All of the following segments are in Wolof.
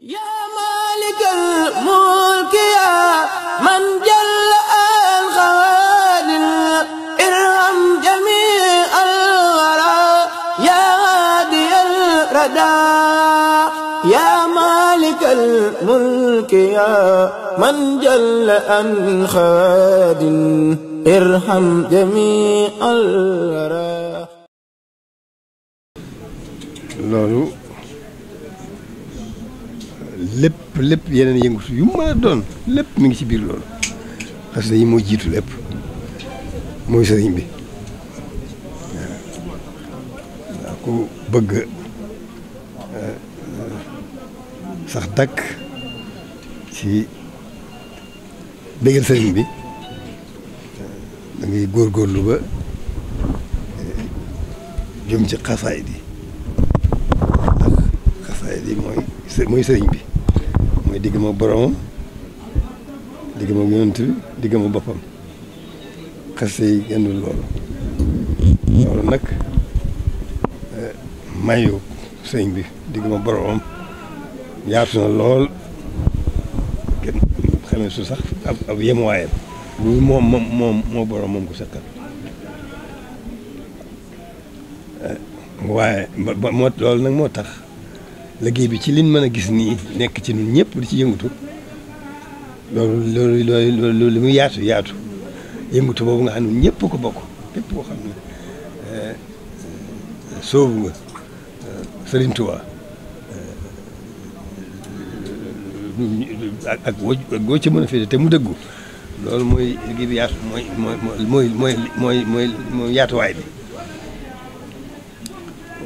yaa maalikal mulki yaa man jalla al xawaadir irham jamii al waraa yaa haadiyal radaa yaa maalikal mulki yaa man jalla al xawaadir irham jamii al waraa loolu lépp lépp yeneen yëngu yu mën a doon lépp mi ngi ci biir loolu xasida yi moo jiitu lépp mooy sëriñ bi waaw ku bëgg eh, sax dakk si bégal sëriñ bi da góor góorgóorlu ba eh, jëm ci xasaay di ndax di mooy sëriñ bi mooy diggam ak boromam diggam ak yonent bi diggam boppam xasida yi gënul loolu loolu eh, bi diggam ak na lool kenn su sax ab ab yemuwaayam eh, loolu nag moo tax liggéey bi ci liñ mën a gis nii nekk ci ñun ñëpp di ci yëngatu loolu loolu loolu loolu li mu yaatu yaatu yëngatu boobu nga xam ne ñëpp ko bokk képp euh, soobu nga euh, Sëriñ euh, ak ak goo ci mën a féete te mu dëggu loolu mooy liggéey bi mooy mooy mooy mooy mooy mooy yaatuwaay bi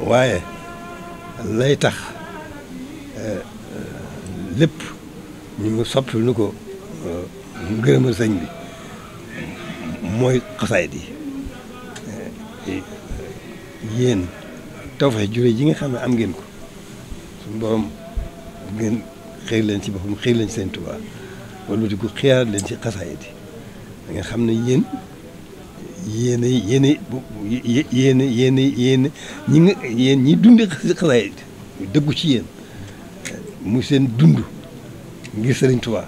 waaye lay tax. lépp ñu mu nu ko ngërëmal euh, sëñ bi mooy xasaayit yi eh, yéen tawfeex jure ji nga xam ne am ngeen ko suñu borom ngeen xëy leen ci boppam xëy leen ci seen Tuubaa wala di ko xiyaar leen ci xasaayit yi da nga xam ne yéen yéen a yéen a ñi nga yéen ñi dundee dëggu ci yéen muy seen dund ngir Serigne Touba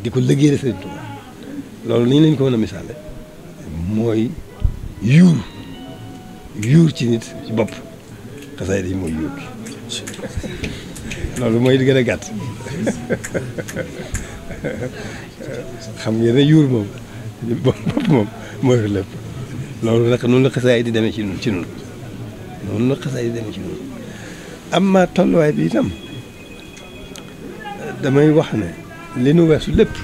di ko liggéeyal Serigne Touba loolu ni ñu ko mën a misaale mooy yuur yuur ci nit ci bopp xasaay dañ mooy yuur loolu mooy di gën a gàtt xam ngeen ne yuur moom bopp moom mooy lépp loolu nag noonu la xasaay di demee ci nun ci nun noonu la xasaay di demee ci nun am ma tolluwaay bi itam damay wax ne leen nu weesu lépp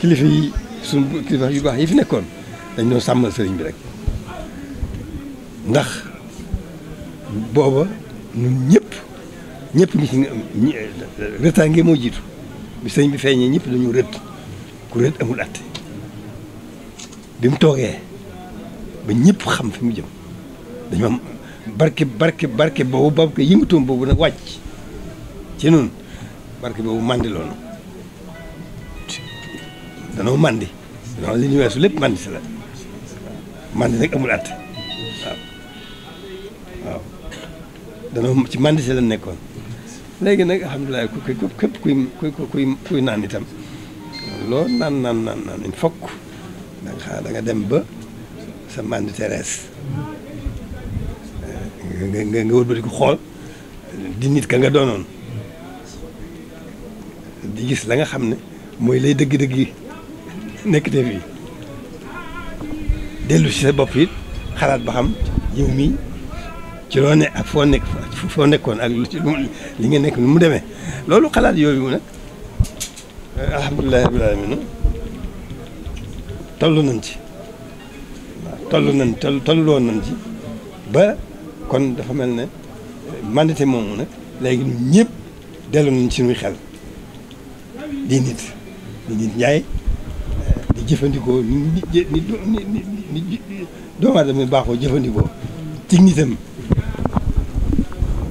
kilifa yi suñ kilifa yu baax yi fi nekkoon dañ doon sàmmal sëriñ bi rek ndax booba ñun ñépp ñëpp ngi ci moo jiitu bi sëriñ bi feeñee ñëpp dañu rët ku rët amul atte bi mu toogee ba ñépp xam fi mu jëm dañu am barke barke barke boobu boobu ko boobu nag wàcc ci noonu barke boobu mandi loonu danoo mandi danoo li ñu weesu lépp mandi si la mandi nag amul mandi la nekkoon léegi nag alhamdulilah ku ku képp kuy kuy kuy naan itam lool naan naan naan naan fokk da nga xaar da nga dem ba sa mandi terees nga nga nga wëlbati ko xool di ka nga doonoon di gis la nga xam ne mooy lay dëgg-dëgg yi nekk fii dellu si sa bopp it xalaat ba xam yow mii ci loo ne ak foo nekk foo nekkoon ak lu ci li nga nekk nu mu demee loolu xalaat yooyu nag alhamdulilahi rabbil alamin tollu nañ ci tollu toll nañ toll tolloon nañ ci ba kon dafa mel ne mandité moomu nag léegi ñun ñëpp dellu nañ ci suñuy xel di nit di nit njaay di jëfandikoo ni ni ni doomu aadama baaxoo jëfandikoo ci nitam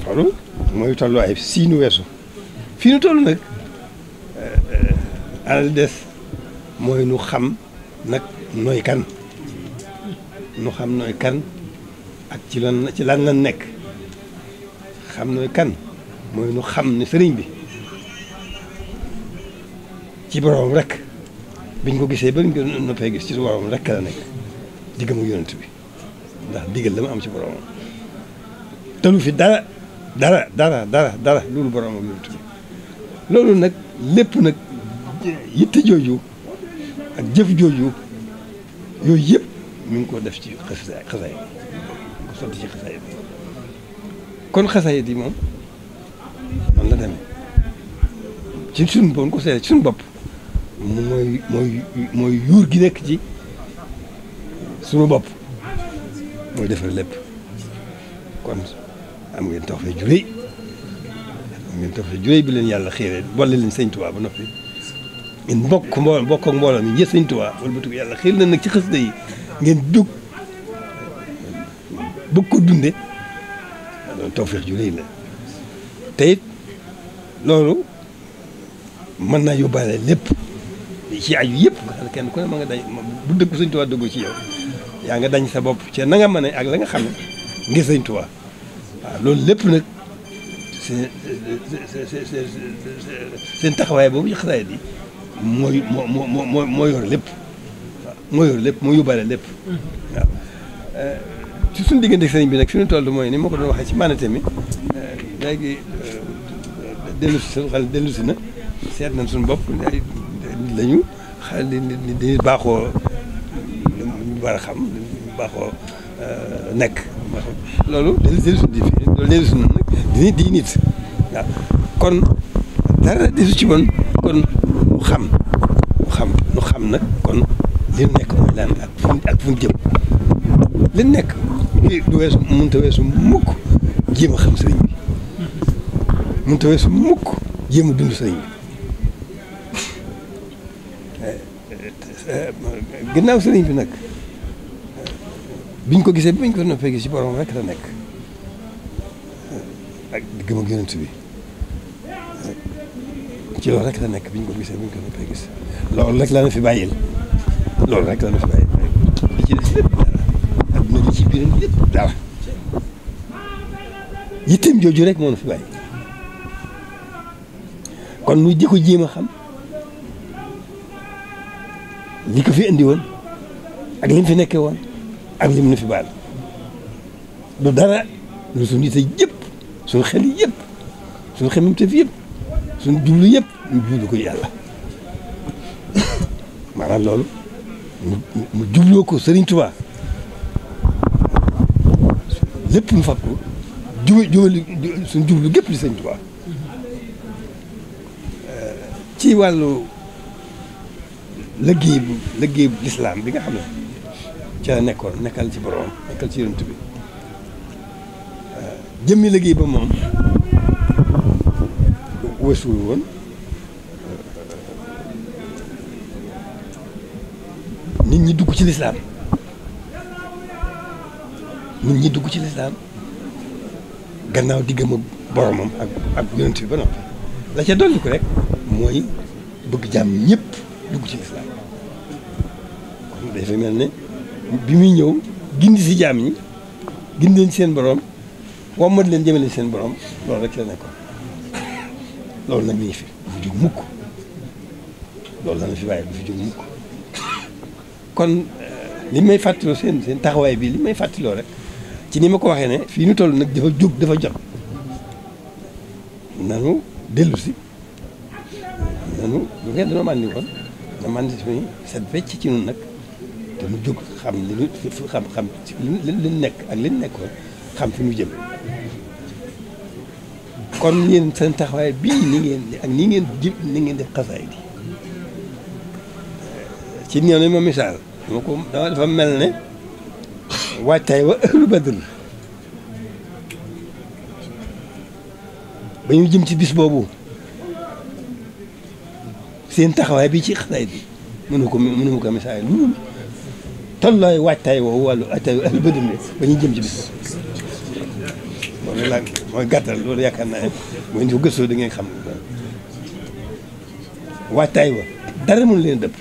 loolu mooy tollu ay sii weesu fii nu toll nag alal des mooy nu xam nag nooy kan nu xam nooy kan ak ci lan ci lan lan nekk xam nooy kan mooy nu xam ne sëriñ bi ci boroom rek biñ ko gisee ba ñu ko noppee gis ci boroom rek la nekk diggam ak bi ndax digal la mu am ci boroom tëlu fi dara dara dara dara dara loolu boroom ak bi loolu nag lépp nag yitte jooju ak jëf jooju yooyu yëpp mi ngi ko def ci xasaay xasaay bi ko sotti ci xasaay kon xasaay bi moom man la demee ci suñu bon ko seet ci suñu bopp mooy mooy mooy yuur gi nekk ci suma bopp mooy defar lépp kon am ngeen tax fee juree ngeen tax fee juree bi leen yàlla xiiree boole leen sëñ Tuubaa ba noppi ngeen bokk mbooloo bokk ak mbooloo mi ñëpp sëñ Tuubaa yàlla xiir na nag ci xasida yi ngeen dugg bëgg ko dunde loolu tawfeex ju la tey loolu mën naa yóbbaale lépp ci aju yëpp nga xam ne kenn ku ne ma nga dañ bu dëgg sëñ Tuubaa dëggu ci yow yaa nga dañ sa bopp ci na nga mën ak la nga xam ne ngir sëñ Tuubaa loolu lépp nag seen taxawaay boobu ci xasaayid yi mooy moo moo moo moo yor lépp waaw moo yor lépp moo yóbbaale lépp waaw eh, ci suñu diggante sëriñ bi nag fi ñu toll mooy ni ma ko doon waxee ci manate mi eh, léegi eh, dellu si seen xel dellu na seet nañ suñ bopp lañu xale nit ñi baaxoo lu ñu xam baaxoo euh, nekk loolu dañu leen suñu di fi loolu leen suñu nag di di nit waaw kon dara desu ci woon kon xam mu xam nag kon li nekk mooy lan ak fu ak fu jëm li nekk du weesu mënut a weesu mukk jéem a xam sëriñ bi mënut weesu mukk jéem a dund sëriñ bi Eh, ginnaaw sëriñ bi nag biñ ko gisee biñ ko noppee gis ci borom rek la nekk eh, ak di gëm ak bi eh, ci loolu rek la nekk biñ ko gisee biñ loolu rek la na fi bàyyil loolu rek la na fi bàyyil li ci des lépp dara dara yitteem jooju rek moo na fi bàyyi kon nu di ko jéem a xam li ko fi indi woon ak li mu fi nekkee woon ak li mu nu fi baal du dara lu suñu yite yépp suñu xel yëpp suñu xemamteef yëpp suñu jublu yëpp ñu jublu ko yàlla maanaam loolu mu jubloo ko Serigne Touba lépp mu fab ko juba jubali jublu gépp li Serigne Touba ci wàllu liggéey bu liggéey bu lislaam bi nga xam ne ci la nekkoon nekkal ci borom nekkal ci yonent bi euh, jëmmi liggéey ba moom wësul woon euh, nit ñi dugg ci lislaam nit ñi dugg ci lislaam gannaaw diggam ak boromam ak ak yonent bi ba noppi la ca dolli rek mooy bëgg jàmm ñëpp dugg ci lislaam kon dafa mel ne bi muy ñëw gindi si jaam ñi gindi leen seen borom wammat leen jëmale seen boroom loolu rek la nekkoon loolu nag mi ngi fi du fi jóg mukk loolu dana kon li may fàttaloo seen seen taxawaay bii li may fàttaloo rek ci ni ma ko waxee ne fii nu toll nag dafa jóg dafa jot nanu dellu si nanu lu ngeen dana màndi woon te mandate mi set wecc ci ñun nag te mu jóg xam li nu nekk ak li nu nekkoon xam fi nu jëm kon yéen seen taxawaay bii ni ngeen ak ni ngeen di ni ngeen def xasaay di ci nee na ma misaal dama ko mel ne waajtaay wa ëllu badr ba ñu jëm ci bis boobu seen taxawaay bi ci xasaay bi mënu ko mënu ko misaal lu dul tollooy waajtaay woowu wàllu waajtaay wàllu bëdum ne ba ñuy jëm ci bis mooy gàttal loolu yaakaar naa ne mooy ni ko gëstoo da ngeen xam waajtaay wa dara mënu leen dëpp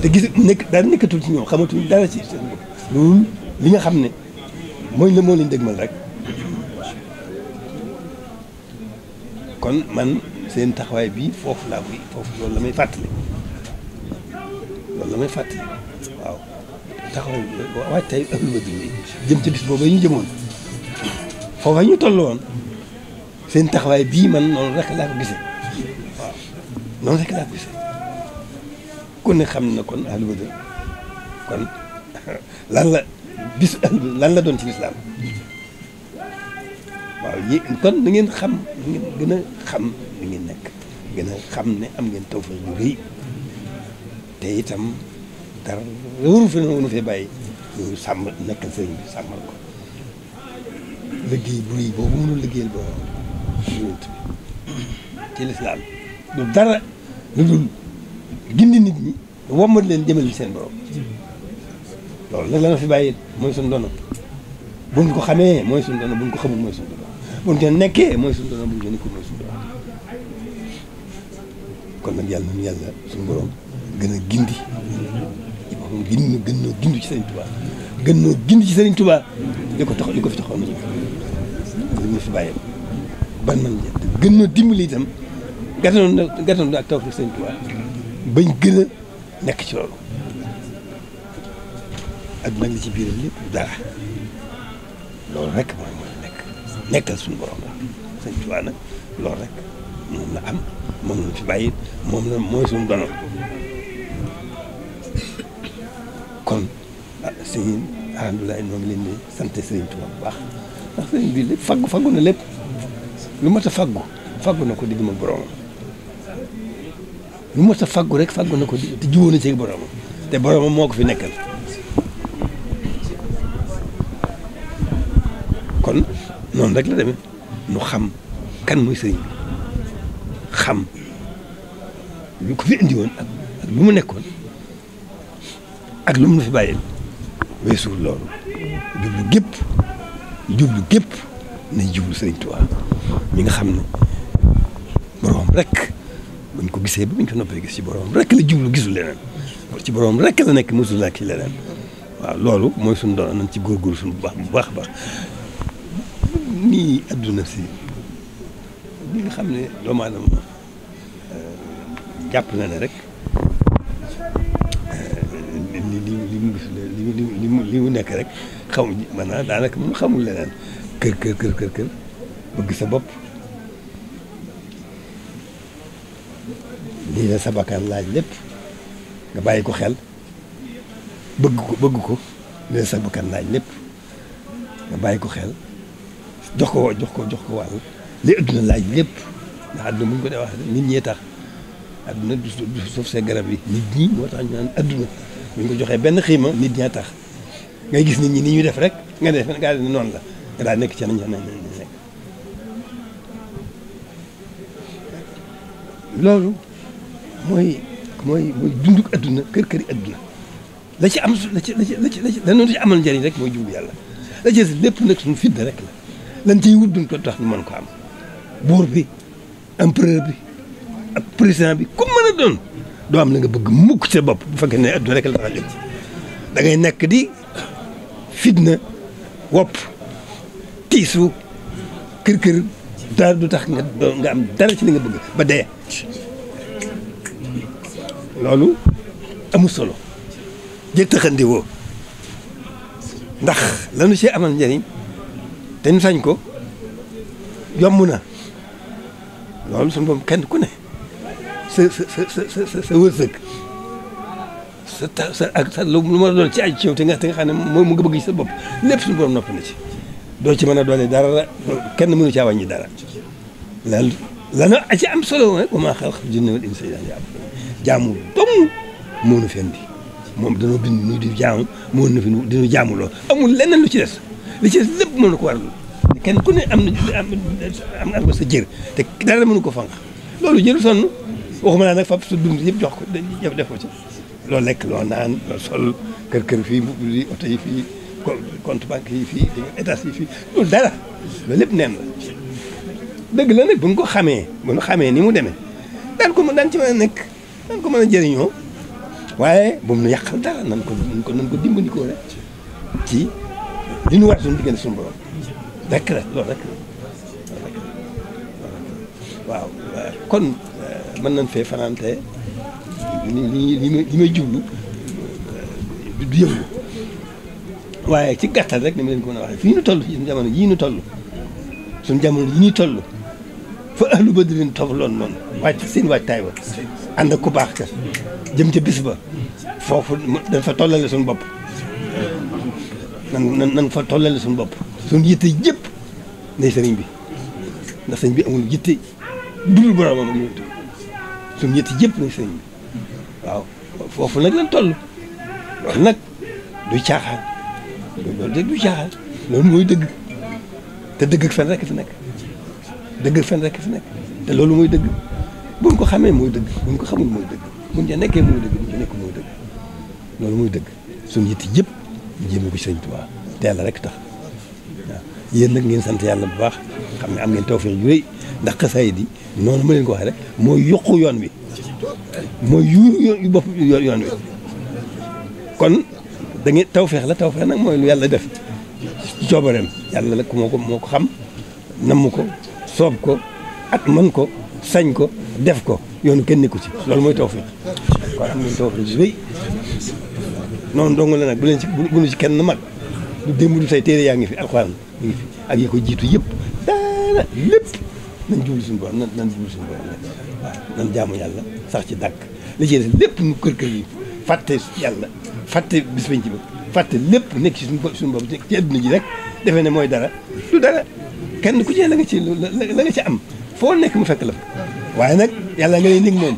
te gis nekk dara nekkatul ci ñoom xamatuñ dara ci seen li nga xam ne mooy la moo leen dëgmal rek seen taxawaay bii foofu laa koy foofu loolu la may fàttali loolu la may fàttali waaw taxawaay waaj lu ma dindi jëm ca bis boobu ñu jëmoon foofa ñu toll woon seen taxawaay bii man noonu rek laa ko gisee waaw noonu rek laa ko gisee ku ne xam na kon ahlu kon lan la bis lan la doon ci lislaam waaw yi kon na xam na gën a xam bi ngeen nekk gën a xam ne am ngeen tawfeex ju rëy te itam dara wóoru fi nu fee bàyyi loolu sàmm nekkal sëriñ bi sàmmal ko liggéey bu rëy boobu mënul liggéeyal ba yonent bi ci lislaam du dara lu dul gindi nit ñi wommat leen jëmale seen borom loolu nag la nga fi bàyyi mooy suñu dono ko xamee mooy suñu dono buñ ko xamul mooy suñu dono buñ ko nekkee mooy suñu dono buñ ko nekkul mooy suñu kon nag yàlla nañu yàlla suñu borom gën a gindi moom gën gën noo gindi ci Serigne Touba gën noo gindi ci Serigne Touba li ko tax li ko fi taxoon li mu fi bàyyi ban man gën noo dimbali itam gàttanoon na gàttanoon na ak taw Serigne nekk ci loolu ak li ci biiram lépp dara loolu rek mooy nekk nekkal suñu borom la Serigne Touba nag loolu rek moom la am moom la fi bàyyi moom la mooy suñu dono kon ah sëñ alhamdulilah leen di sant Sëriñ Tuubaa bu baax ndax sëriñ bi lépp faggu faggu na lépp lu mat a faggu faggu na ko digg ma boroomam lu mat a faggu rek faggu na ko di te jiwoon na te boroomam moo ko fi nekkal kon noonu rek la demee nu xam kan muy sëriñ bi. xam lu ko fi indi woon ak ak lu mu nekkoon ak lu mu fi bàyyil weesuul loolu jublu gépp jublu gépp nañ jublu Sëriñ Tuubaa mi nga xam ne boroom rek buñ ko gisee ba buñ ko noppee gis ci boroom rek la jublu gisul leneen ci boroom rek la nekk mosul nekk ci leneen waaw loolu mooy suñu doon nañ ci góorgóorlu suñu bu baax bu baax a baax nii adduna si li nga xam ne doomu aadama jàpp na ne rek li li mu gis rek mu li naa nekk rek xaw xamul leneen kër kër kër kër kër bëgg sa bopp lii la sa bakkan laaj lépp nga bàyyi ko xel bëgg ko bëgg ko lii la sa bakkan laaj lépp nga bàyyi ko xel jox ko jox ko jox ko wàll li adduna laaj lépp ndax adduna bu ko dee wax nit ñee tax adduna du suuf see garab yi nit ñi moo tax ñu naan adduna buñ ko joxee benn xiima nit ñaa tax ngay gis nit ñi ni ñuy def rek nga def ngaa ne noonu la nga daal nekk ca nañ nañ nekk loolu mooy mooy mooy dunduk adduna kër këri adduna la ci am la ci la ci la ci la ci la ci amal njëriñ rek mooy jub yàlla la ci lépp nag suñu fidda rek la lan ciy wut duñ ko tax ñu mën ko am buur bi empereur bi ak président bi ku mën a doon doo am la nga bëgg mukk sa bopp bu fekkee ne adduna rek la tax a jóg da ngay nekk di fitna wopp tiisu kër kër dara du tax nga nga am dara ci li nga bëgg ba dee loolu amul solo jëg taxandi ndax lanu ci amal njëriñ te ñu sañ ko yomb na loolu suñu boom kenn ku ne sa sa sa sa sa ta sa ak sa lu ma doon ci aju ci yow te te nga xam ne moom mu nga bëgg ci sa bopp lépp suñu borom nopp ci doo ci mën a doole dara kenn mënu caa wàññi dara loolu lana ci am solo nag ba maa xalaq jinna wal insa illa liya'budun jaamu dong moo nu fen moom danoo bind di jaamu moo nu fi amul leneen lu ci des li ci des lépp mën na ko waral kenn ku ne am am am sa jër te dara mënu ko fànq loolu jëru sonn waxuma naa nag fab sa dund yëpp jox ko dañuy def ko ci loo lekk loo naan loo sol kër kër fii mbubb yi oto yi fii compte banque yi fii état yi fii loolu dara loolu lépp neen la dëgg la nag bu ñu ko xamee bu ñu xamee ni mu demee daan ko daan ci mën a nekk daan ko mën a jëriñoo waaye bu mu yàqal dara nan ko nan ko nan ko dimbandikoo rek ci li ñu war suñu diggante suñu borom rek la loolu rek la waaw kon mën nañ fee fanaan te li li may li may du yëngu waaye ci gàttal rek ni ma leen ko mën a waxee fii ñu toll ci suñu jamono yii ñu tollu suñu jamono yi ñuy toll fa ahlu badri leen tofaloon noonu wàcc seen waajtaay ba ànd ak ku baax ka jëm ca bis ba foofu dañ fa tollale suñu bopp nan nan fa tollale suñu bopp suñu yitte yëpp nday sëriñ bi ndax sëriñ bi amul yitte dul boromam ak yonent suñu ñett yëpp nag sëriñ bi waaw foofu nag lañ toll loolu nag du caaxaan loolu loolu mooy dëgg te dëgg ak fen rek fi nekk dëgg ak fen rek fi nekk te loolu mooy dëgg buñ ko xamee mooy dëgg buñ ko xamul mooy dëgg buñ ca nekkee mooy dëgg buñ ca nekkul mooy dëgg loolu mooy dëgg su ñett yëpp ñu jéem ko sëriñ Tuubaa te yàlla rek tax waaw yéen nag ngeen sant yàlla bu baax xam ne am ngeen tawfeex ju rëy ndax xasaayid yi noonu ma leen ko waxee rek mooy yokku yoon wi mooy yuur yoon bopp yoon wi kon da ngeen tawfeex la tawfeex nag mooy lu yàlla def ci coobareem yàlla la ku moo ko xam namm ko soob ko at mën ko sañ ko def ko yoonu kenn nekku ci loolu mooy tawfeex kon am nañ tawfeex ju rëy noonu dong la nag bu leen ci bu ñu ci kenn mag du démb du téere yaa ngi fi alxuraan ngi fi ak yi ko jiitu yëpp daara lépp nañ jublu suñu borom nan nan jublu suñu borom waaw nan jaamu yàlla sax ci dàkk li ci des lépp nu kër kër yi fàtte yàlla fàtte bis ci ba fàtte lépp nekk ci suñu suñu bopp ci adduna ji rek defe ne mooy dara du dara kenn ku ci la nga ci la nga ci am foo nekk mu fekk la fa waaye nag yàlla nga lay nekk moom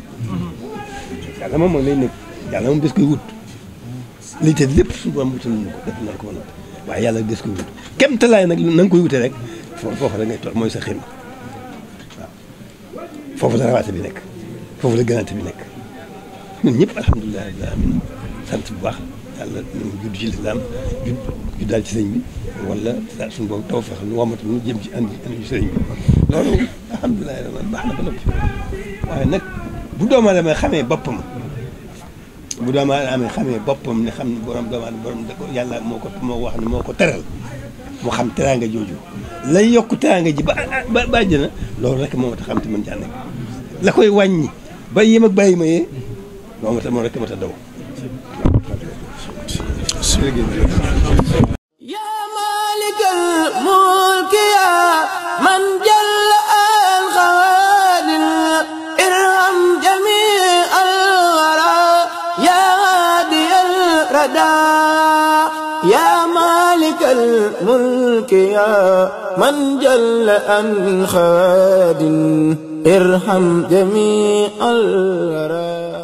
yàlla moom moom lay nekk yàlla moom des koy wut li te lépp suñu mu wutal nañu ko def nañ ko ba noppi waaye yàlla des koy wut kem talaay nag na nga koy wute rek foofu rek ngay mooy sa xim foofu la rawaate bi nekk foofu la gënaate bi nekk ñun ñëpp alhamdulilah la alamin sant bu baax yàlla ñu judd ci lislaam judd juddaal ci sëñ bi wala daal suñu boobu taw fexe lu wamatu ñu ci andi andi sëñ baax na ba noppi waaye nag bu doomu aadama xamee boppam bu doomu aadama amee xamee boppam ni xam ne borom doomu aadama borom yàlla moo ko moo wax ne moo ko teral mu xam nga jooju la yokk teraanga ji ba ba bàjj na loolu rek moo ma tax xam te mën caa la koy wàññi ba yéem ak bàyyi ma yee moo moo rek ma tax daw. من جل أن خاد ارحم جميع الورى